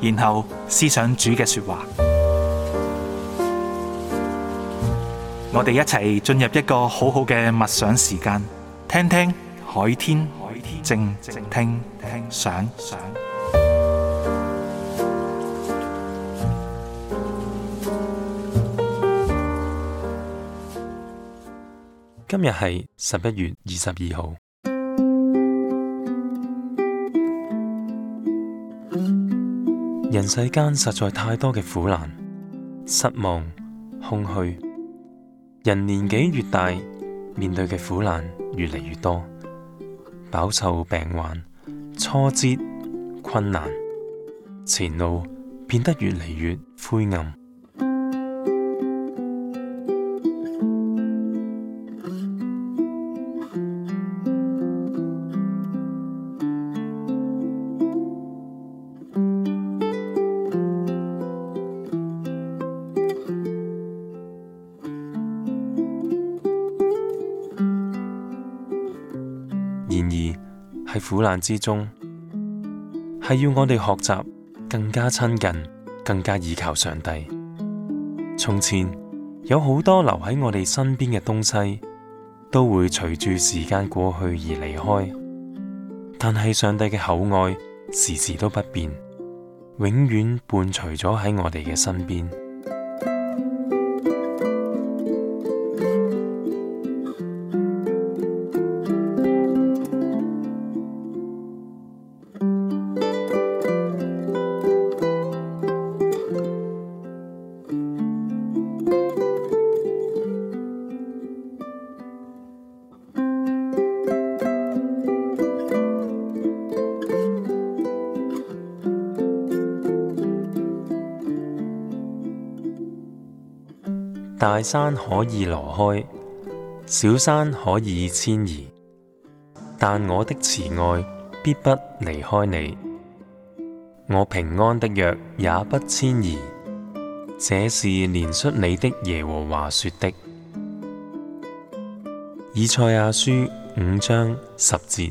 然後思想主嘅說話，我哋一齊進入一個好好嘅默想時間，聽聽海天靜聽想。今日係十一月二十二號。人世間實在太多嘅苦難、失望、空虛。人年紀越大，面對嘅苦難越嚟越多，飽受病患、挫折、困難，前路變得越嚟越灰暗。喺苦難之中，係要我哋學習更加親近、更加依靠上帝。從前有好多留喺我哋身邊嘅東西，都會隨住時間過去而離開，但係上帝嘅厚愛時時都不變，永遠伴隨咗喺我哋嘅身邊。大山可以挪開，小山可以遷移，但我的慈愛必不離開你，我平安的約也不遷移。這是憐恤你的耶和華說的。以賽亞書五章十節。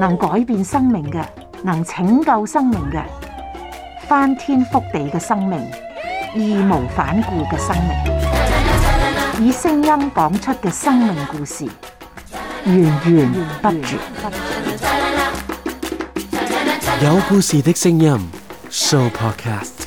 能改變生命嘅，能拯救生命嘅，翻天覆地嘅生命，義無反顧嘅生命，以聲音講出嘅生命故事，源源不絕。有故事的聲音，Sooo Podcast。